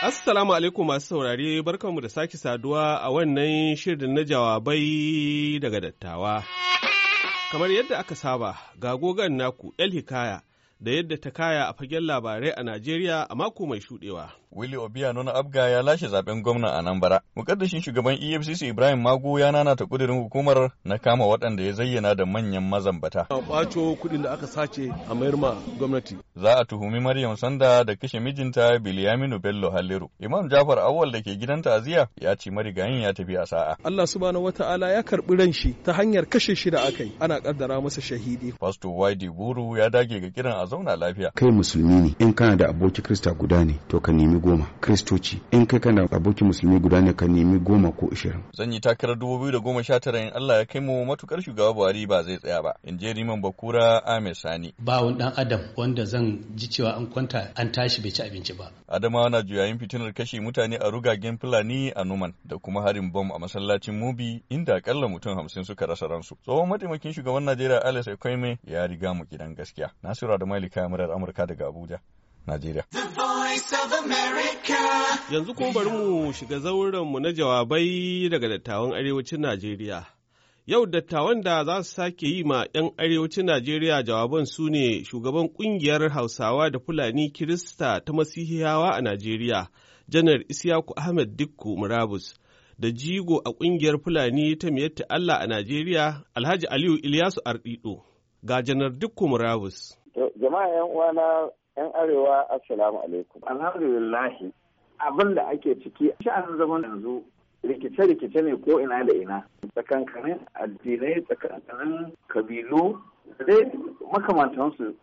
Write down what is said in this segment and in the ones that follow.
Assalamu alaikum masu saurare barkanmu da sake saduwa a wannan shirin na jawabai daga dattawa. Kamar yadda aka saba, ga gogan naku El Hikaya da yadda ta kaya a fagen labarai a Najeriya a mako mai shudewa. Willy Obiano na Abga ya lashe zaben gwamna a nan bara. Mukaddashin shugaban EFCC Ibrahim Mago ya nana ta kudirin hukumar na kama waɗanda ya zayyana da manyan mazambata. A kwaco kuɗin da aka sace a mayar ma gwamnati. Za a tuhumi Maryam Sanda da kashe mijinta Biliyaminu Bello Halliru. Imam Jafar Awal da ke gidan ta'aziyya ya ce marigayin ya tafi a sa'a. Allah subhanahu wata'ala ya karɓi ran shi ta hanyar kashe shi da aka yi. Ana kaddara masa shahidi. Pastor Wadi Buru ya dage ga kiran zauna lafiya kai musulmi ne in kana da aboki krista guda ne to ka nemi goma kristoci in kai kana da aboki musulmi guda ne ka nemi goma ko ishirin zan yi takarar dubu biyu da goma sha tara in Allah ya kai mu matukar shugaba Buhari ba zai tsaya ba in je Riman Bakura Ahmed Sani ba wani dan adam wanda zan ji cewa an kwanta an tashi bai ci abinci ba Adamawa na juyayin fitinar kashe mutane a rugagen Fulani a Numan da kuma harin bom a masallacin Mubi inda akalla mutum hamsin suka rasa ransu tsohon mataimakin shugaban Najeriya Alex Ekweme ya riga mu gidan gaskiya Nasiru Adamu murar Amurka daga Abuja, Najeriya. Yanzu kuma bari mu shiga zaurenmu na jawabai daga dattawan arewacin Najeriya. Yau dattawan da za su sake yi ma 'yan arewacin Najeriya jawaban su ne shugaban kungiyar Hausawa da Fulani Kirista ta Masihiyawa a Najeriya, Janar Isiyaku Ahmed Dikku Murabus, da jigo a ƙungiyar Fulani ta Miyatta Allah a Najeriya, Alhaji Aliyu Ilyasu Ardido, ga Janar Dikku Murabus. jama'a yan uwana yan arewa assalamu alaikum alhamdulillahi abin da ake ciki sha'anin zaman yanzu rikice-rikice ne ko ina da ina tsakankanin addinai tsakankanin kabilu dai makamantansu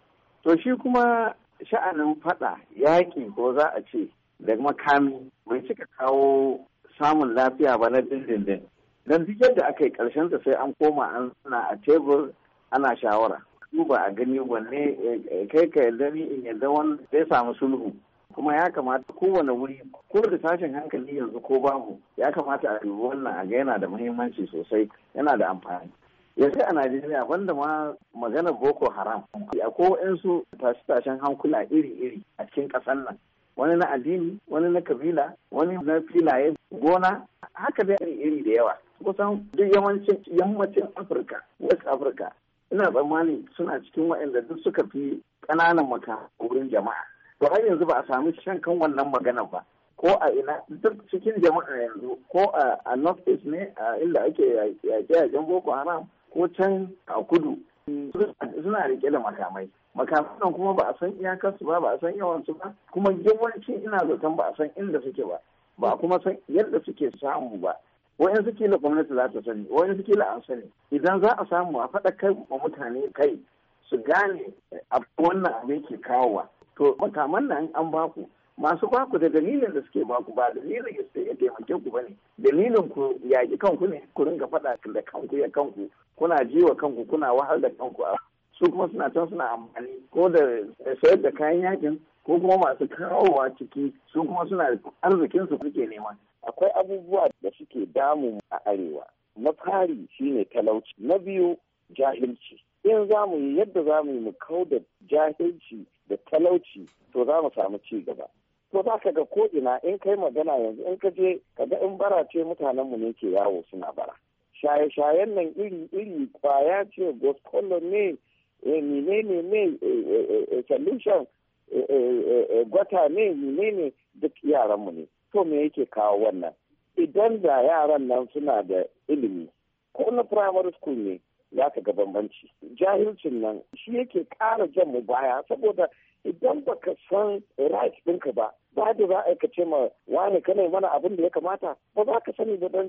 to shi kuma sha'anin fada yaƙi ko za a ce da makami bai cika kawo samun lafiya ba na dindindin don duk yadda aka yi ƙarshen sai an koma an suna a tebur ana shawara duba a gani wanne eh, eh, kai ka yarda ni in yarda wanda zai samu sulhu kuma ya kamata kowane wuri ko da tashin hankali yanzu ko babu ya kamata a dubi wannan a ga yana da muhimmanci sosai yana da amfani yanzu a najeriya banda ma magana boko haram akwai waɗansu tashi tashen hankula iri-iri a cikin kasan nan wani na addini wani na kabila wani na filaye gona haka da iri-iri da yawa kusan duk yawancin yammacin afirka west africa ina tsammanin suna cikin waɗanda duk suka fi ƙananan maka wurin jama'a to har yanzu ba a sami shan kan wannan magana ba ko a ina duk cikin jama'a yanzu ko a north east ne a inda ake yaƙe-yaƙen boko haram ko can a kudu suna rike da makamai nan kuma ba a san iyakarsu ba ba a san yawansu ba kuma yawanci ina zaton ba a san inda suke ba ba kuma san yadda suke samu ba wayan su kila gwamnati za ta sani wayan su kila an sani idan za a samu a faɗa kai wa mutane kai su gane eh, wannan abin ke kawowa to makaman nan an baku masu baku da dalilin da suke baku ba dalilin sai ya taimake ku bane dalilin ku yaƙi kanku ne ku ringa faɗa da kanku ya kanku kuna jiwa kanku kuna wahal da kanku a su kuma suna can suna amfani ko da sayar da kayan yakin ko kuma masu kawowa ciki su kuma suna arzikinsu suke nema akwai abubuwa da suke damu a arewa na fari shine talauci na biyu jahilci in za mu yi yadda za mu yi mu kau da jahilci da talauci to za mu samu ci gaba to za ka ga ko ina in kai magana yanzu in ka je ka ga in bara ce mutanen mu ne ke yawo suna bara shaye-shayen nan iri-iri kwaya ce goskolo ne eh, ne ne eh, ne eh, solution gwata ne ne ne duk yaranmu ne to me yake kawo wannan idan da yaran nan suna da ilimi ko na primary school ne ya ka ga bambanci jahilcin nan shi yake ƙara jan mu baya saboda idan baka san right ɗinka ba ba da za a ce ma wani kana mana abin da ya kamata ba za ka sani ba dan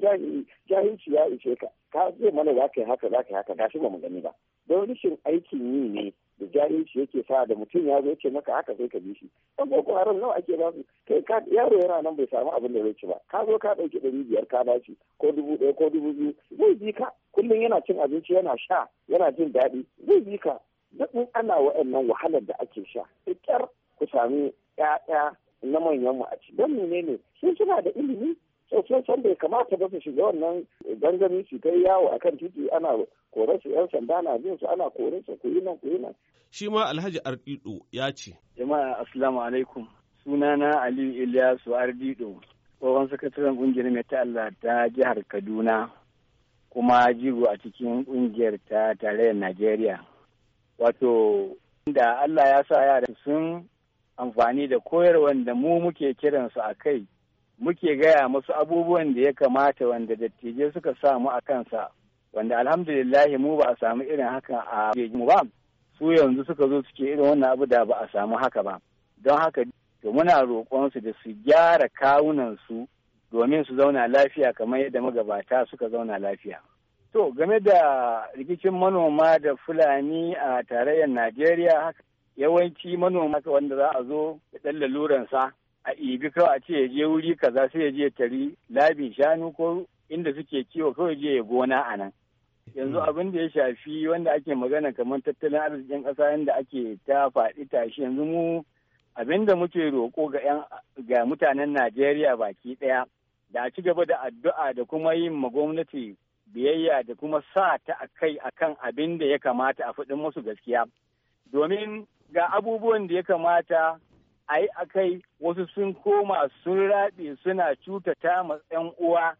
jahilci ya ishe ka ka zai mana za ka yi haka za ka yi haka gashi ba mu gani ba don rashin aikin yi ne da jahilci yake sa da mutum ya zo yake maka haka sai ka bi shi dan boko haram nawa ake ba su kai ka yaro yana nan bai samu abin da zai ci ba ka zo ka ɗauki ɗari biyar ka bashi ko dubu ɗaya ko dubu biyu zai bi ka kullum yana cin abinci yana sha yana jin daɗi zai bi ka duk in ana wa'annan wahalar da ake sha ƙyar ku sami 'ya'ya na manyanmu a ci don menene sun suna da ilimi sai san bai kamata ba su shiga wannan gangami su kai yawo akan titi ana kore yan sanda na bin su ana kore ku yi nan ku yi nan. shi ma alhaji ardido ya ce. jama'a assalamu alaikum sunana aliyu ilyasu ardido tsohon sakataren kungiyar mai Allah ta jihar kaduna kuma jigo a cikin kungiyar ta tarayyar najeriya wato da allah ya sa yara sun amfani da koyarwar da mu muke kiransu a kai muke gaya masu abubuwan da ya kamata wanda dattijai suka samu a kansa wanda alhamdulillahi mu ba a samu irin haka a mu ba su yanzu suka zo suke irin wannan abu da ba a samu haka ba don haka to muna roƙonsu da su gyara kawunansu domin su zauna lafiya kamar yadda magabata suka zauna lafiya to game da rikicin manoma da fulani a tarayyar najeriya yawanci manoma wanda za a zo da ɗan ibi kawai a ce ya je wuri kaza sai ya je tari labin shanu ko inda suke kiwo kawai je ya gona a nan. Yanzu hmm. abin da ya shafi wanda ake magana kamar tattalin arzikin ƙasa yadda ake ta faɗi tashi yanzu mu abin da muke roƙo ga ga mutanen Najeriya baki ɗaya da a ci gaba da addu'a da kuma yin ma gwamnati biyayya da kuma sa ta a kai a kan abin da ya kamata a faɗin musu gaskiya. Domin ga abubuwan da ya kamata ai akai wasu sun koma sun raɓe suna cutata ma 'yan uwa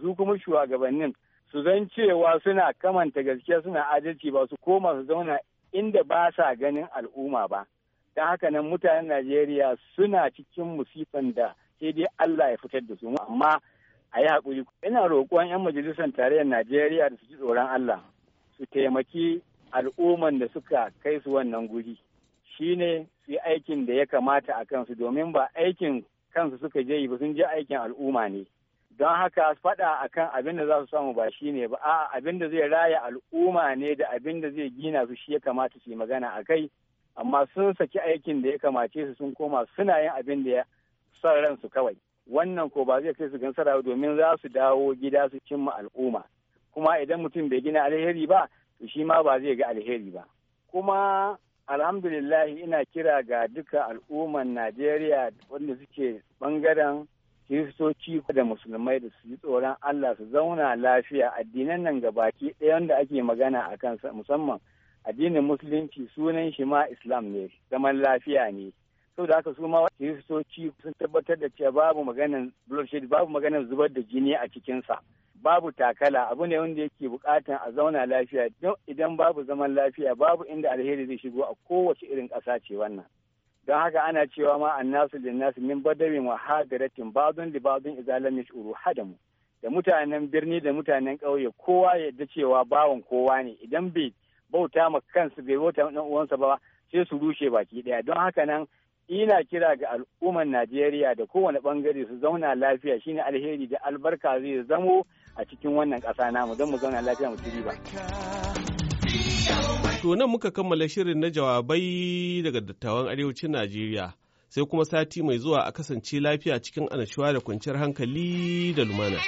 su kuma shugabannin su zan cewa suna kamanta gaskiya suna adalci ba su koma su zauna inda ba sa ganin al'umma ba ta haka nan mutanen najeriya suna cikin musifan da sai dai allah ya fitar da su amma a yi haƙuri ina roƙon 'yan majalisar tarayyar najeriya da su ji tsoron allah su taimaki al'umman da suka kai su wannan guri shine su yi aikin da ya kamata a kansu domin ba aikin kansu suka je yi ba sun je aikin al'umma ne don haka faɗa akan abin da za su samu ba shi ne ba a'a abin da zai raya al'umma ne da abin da zai gina su shi ya kamata su yi magana a kai amma sun saki aikin da ya kamace su sun koma suna yin abin da ya son ransu kawai wannan ko ba zai kai su gansara domin za su dawo gida su cimma al'umma kuma idan mutum bai gina alheri ba to shi ma ba zai ga alheri ba kuma alhamdulillah ina kira ga duka al'umman najeriya wanda suke bangaren kiristoci da musulmai da su yi tsoron allah su zauna lafiya addinan nan baki ɗaya wanda ake magana a kansa musamman addinin musulunci sunan shi ma islam ne zaman lafiya ne saboda haka su ma kiristoci sun tabbatar da cewa babu maganin bloodshed babu maganan zubar da jini a cikinsa babu takala abu ne wanda yake bukatan a zauna lafiya idan babu zaman lafiya babu inda alheri zai shigo a kowace irin ƙasa ce wannan don haka ana cewa ma annasu nasu min badawin wa hadaratin ba'dun da ba'dun idza lam yash'uru hadamu da mutanen birni da mutanen kauye kowa ya yarda cewa bawan kowa ne idan bai bauta ma kansu bai bauta ma uwansa ba sai su rushe baki daya don haka nan ina kira ga al'ummar Najeriya da kowane bangare su zauna lafiya shine alheri da albarka zai zamo a cikin wannan ƙasa namu don mu zauna lafiya mu ci To nan muka kammala shirin na jawabai daga dattawan arewacin Najeriya sai kuma sati mai zuwa a kasance lafiya cikin annashuwa da kwanciyar hankali da lumana.